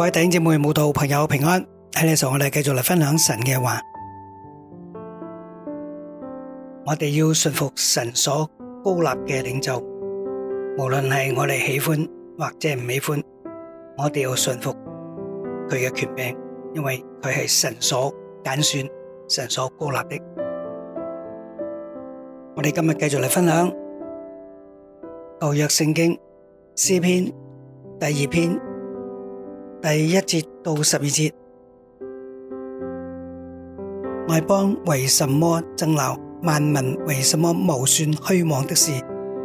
各位弟兄姊妹、慕道朋友平安。喺呢個時候，我哋繼續嚟分享神嘅話。我哋要順服神所高立嘅領袖，無論係我哋喜歡或者唔喜歡，我哋要順服佢嘅權柄，因為佢係神所揀選、神所高立的。我哋今日繼續嚟分享舊約聖經詩篇第二篇。第一節到十二節，外邦為什麼爭鬧？萬民為什麼謀算虛妄的事？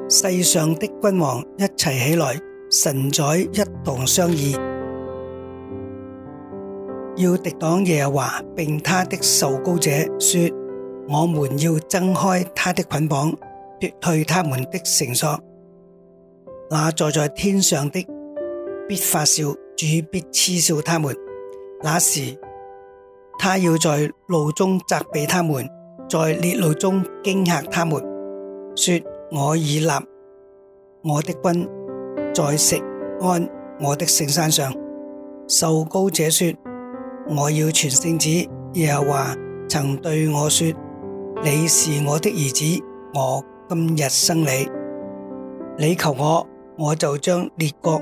世上的君王一齊起，起來，臣宰一同商議，要敵擋耶和華，並他的受膏者，說：我們要掙開他的捆綁，脫去他們的繩索。那坐在天上的必發笑。主必嗤笑他們，那時他要在路中責備他們，在列路中驚嚇他們，說：我已立我的君在錫安我的聖山上。受膏者說：我要傳聖旨，耶和華曾對我說：你是我的兒子，我今日生你。你求我，我就將列國。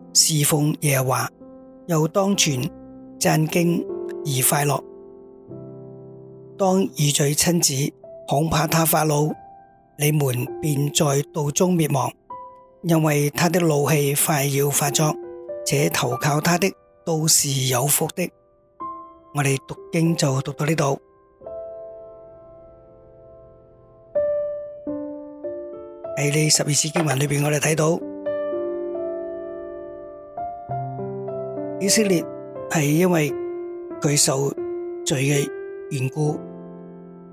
事奉耶和華，又當存戰兢而快樂。當以嘴親子，恐怕他發怒，你們便在道中滅亡，因為他的怒氣快要發作。且投靠他的都是有福的。我哋讀經就讀到呢度，喺呢十二次經文裏邊，我哋睇到。以色列係因為佢受罪嘅緣故，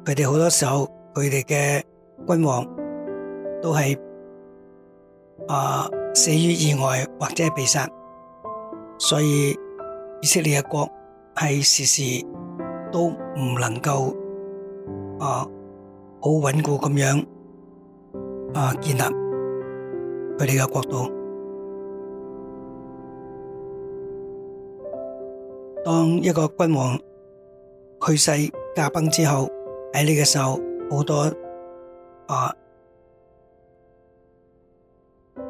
佢哋好多時候佢哋嘅君王都係啊死於意外或者係被殺，所以以色列嘅國係時時都唔能夠啊好穩固咁樣啊建立佢哋嘅國度。當一個君王去世駕崩之後，喺呢個時候，好多啊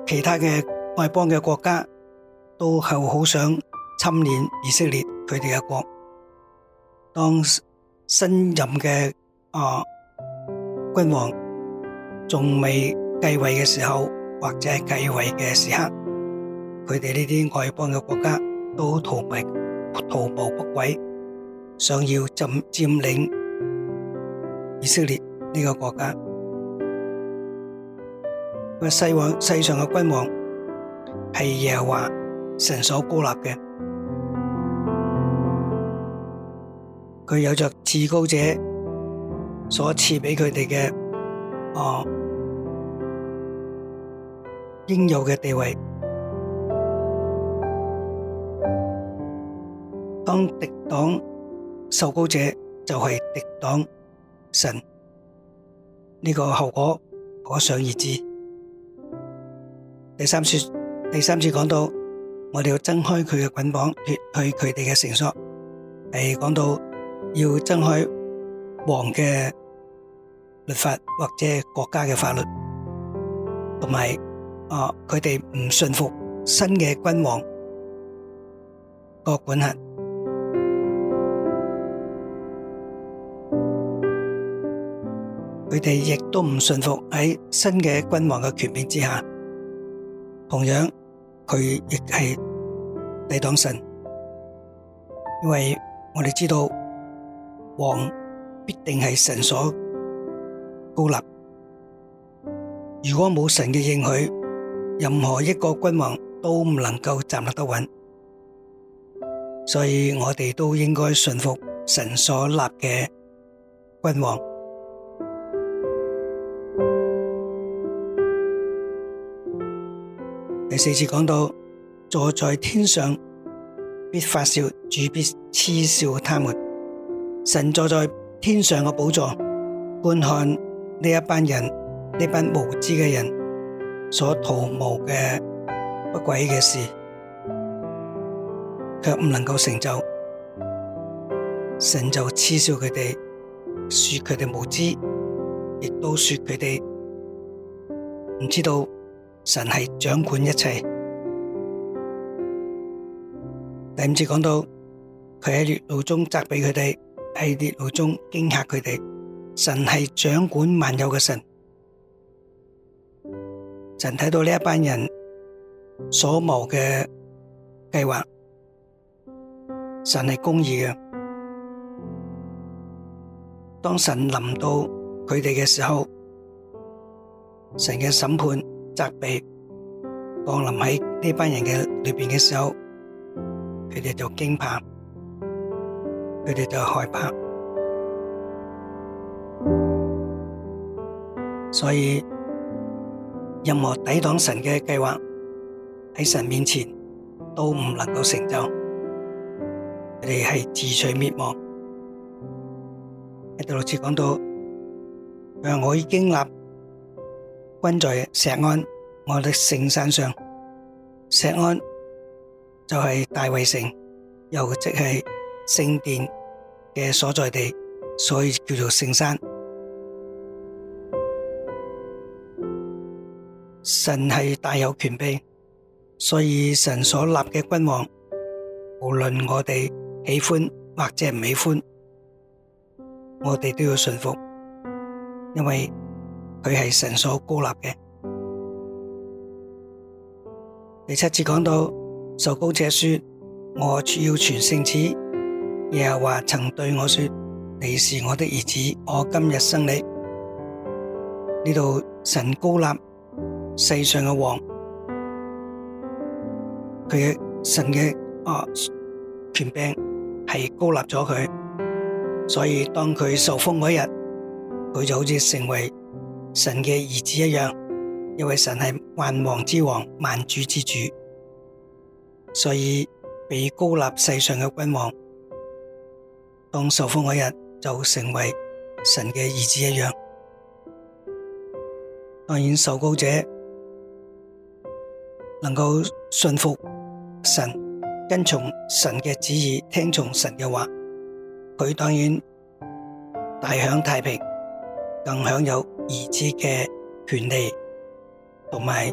其他嘅外邦嘅國家都係好想侵略以色列佢哋嘅國。當新任嘅啊君王仲未繼位嘅時候，或者係繼位嘅時刻，佢哋呢啲外邦嘅國家都逃命。徒步不軌，想要佔佔領以色列呢個國家。世王世上嘅君王係耶和華神所高立嘅，佢有着至高者所賜俾佢哋嘅哦應有嘅地位。當敵擋受膏者就係、是、敵擋神，呢、這個後果可想而知。第三次第三次講到，我哋要掙開佢嘅捆綁，脱去佢哋嘅繩索。第二講到要掙開王嘅律法或者國家嘅法律，同埋啊，佢哋唔信服新嘅君王嘅管轄。佢哋亦都唔信服喺新嘅君王嘅權柄之下，同樣佢亦係抵擋神，因為我哋知道王必定係神所高立，如果冇神嘅應許，任何一個君王都唔能夠站立得穩，所以我哋都應該信服神所立嘅君王。第四次講到坐在天上必發笑，主必嗤笑他們。神坐在天上嘅寶座，觀看呢一班人，呢班無知嘅人所圖謀嘅不軌嘅事，却唔能夠成就。神就嗤笑佢哋，說佢哋無知，亦都說佢哋唔知道。神係掌管一切。第五節講到，佢喺烈怒中責備佢哋，喺烈怒中驚嚇佢哋。神係掌管萬有嘅神，神睇到呢一班人所謀嘅計劃，神係公義嘅。當神臨到佢哋嘅時候，神嘅審判。責備降臨喺呢班人嘅裏面嘅時候，佢哋就驚怕，佢哋就害怕。所以任何抵擋神嘅計劃喺神面前都唔能夠成就，佢哋係自取滅亡。喺第六次講到，我我已經立。君在錫安，我的聖山上，錫安就係大衛城，又即係聖殿嘅所在地，所以叫做聖山。神係大有權柄，所以神所立嘅君王，無論我哋喜歡或者唔喜歡，我哋都要順服，因為。佢係神所高立嘅。第七節講到受膏者說：我要傳聖旨。耶和華曾對我說：你是我的兒子，我今日生你。呢度神高立世上嘅王，佢嘅神嘅啊權柄係高立咗佢，所以當佢受封嗰日，佢就好似成為。神嘅兒子一樣，因為神係萬王之王、萬主之主，所以被高立世上嘅君王，當受封嗰日，就成為神嘅兒子一樣。當然，受膏者能夠信服神、跟從神嘅旨意、聽從神嘅話，佢當然大享太平，更享有。兒子嘅權利同埋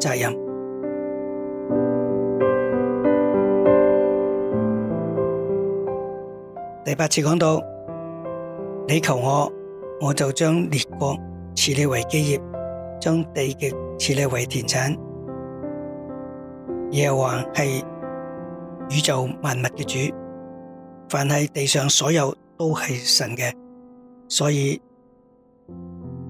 責任。第八次講到，你求我，我就將列國賜你為基業，將地極賜你為田產。耶和華係宇宙萬物嘅主，凡係地上所有都係神嘅，所以。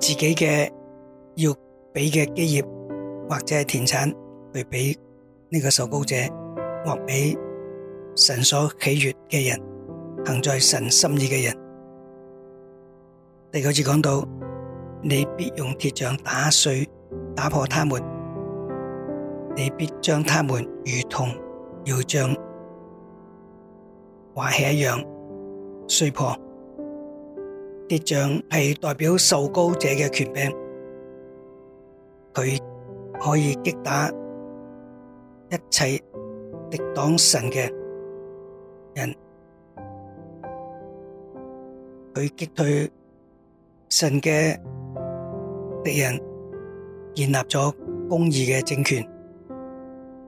自己嘅要畀嘅基業或者係田產去俾呢個受膏者，或俾神所喜悅嘅人，行在神心意嘅人。第九節講到，你必用鐵杖打碎、打破他們，你必將他們如同窯匠瓦器一樣碎破。鐵杖係代表受膏者嘅權柄，佢可以擊打一切抵擋神嘅人，佢擊退神嘅敵人，建立咗公義嘅政權，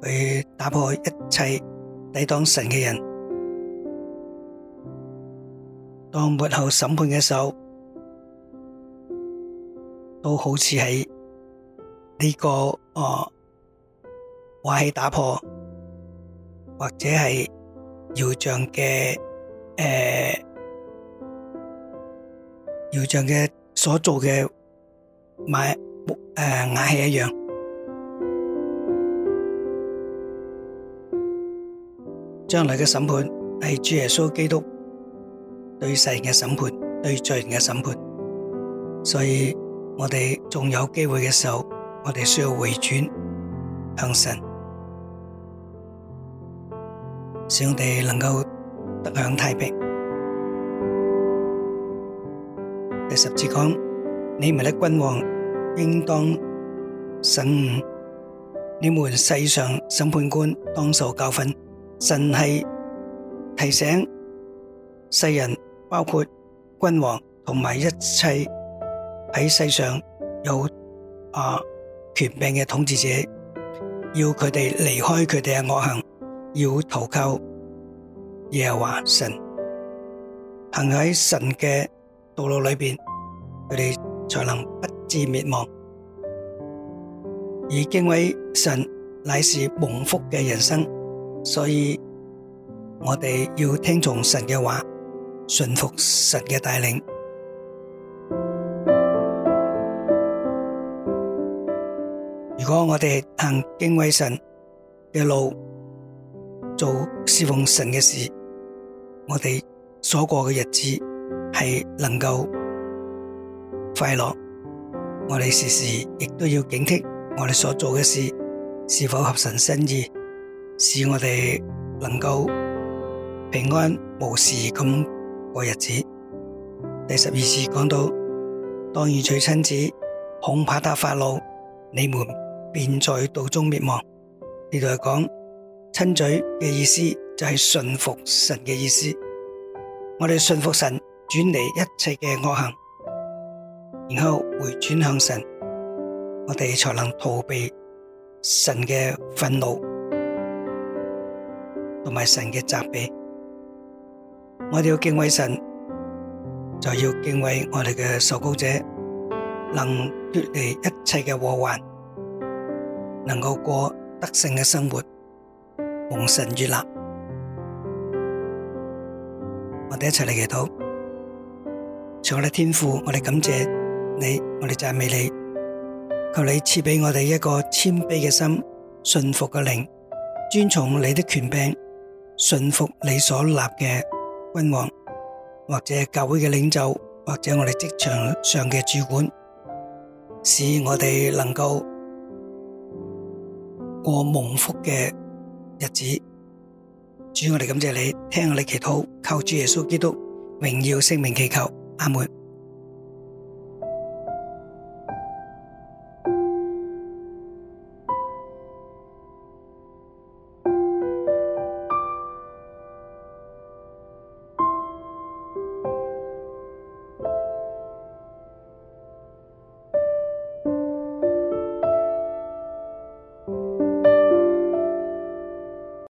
佢打破一切抵擋神嘅人。當末後審判嘅時候，都好似係呢個哦，瓦器打破或者係窯匠嘅，誒，窯匠嘅所做嘅買誒瓦器一樣。將來嘅審判係主耶穌基督。對世人嘅審判，對罪人嘅審判，所以我哋仲有機會嘅時候，我哋需要回轉向神，使我哋能夠得享太平。第十節講：你們的君王應當省悟，你們世上審判官當受教訓。神係提醒世人。包括君王同埋一切喺世上有啊權柄嘅統治者，要佢哋離開佢哋嘅惡行，要投靠耶和華神，行喺神嘅道路裏邊，佢哋才能不至滅亡。而敬畏神乃是蒙福嘅人生，所以我哋要聽從神嘅話。順服神嘅帶領。如果我哋行敬畏神嘅路，做侍奉神嘅事，我哋所過嘅日子係能夠快樂。我哋時時亦都要警惕，我哋所做嘅事是否合神心意，使我哋能夠平安無事咁過日子。第十二節講到，當遇罪親子，恐怕他發怒，你們便在道中滅亡。呢度嚟講，親嘴嘅意思就係順服神嘅意思。我哋順服神，轉離一切嘅惡行，然後回轉向神，我哋才能逃避神嘅憤怒同埋神嘅責備。我哋要敬畏神，就要敬畏我哋嘅受膏者，能脫離一切嘅禍患，能夠過得勝嘅生活，蒙神悅納。我哋一齊嚟祈禱，我哋天父，我哋感謝你，我哋讚美你，求你賜俾我哋一個謙卑嘅心，順服嘅靈，尊從你的權柄，順服你所立嘅君王，或者教會嘅領袖，或者我哋職場上嘅主管，使我哋能夠過蒙福嘅日子。主，我哋感謝你，聽我哋祈禱，靠主耶穌基督榮耀聖名祈求，阿門。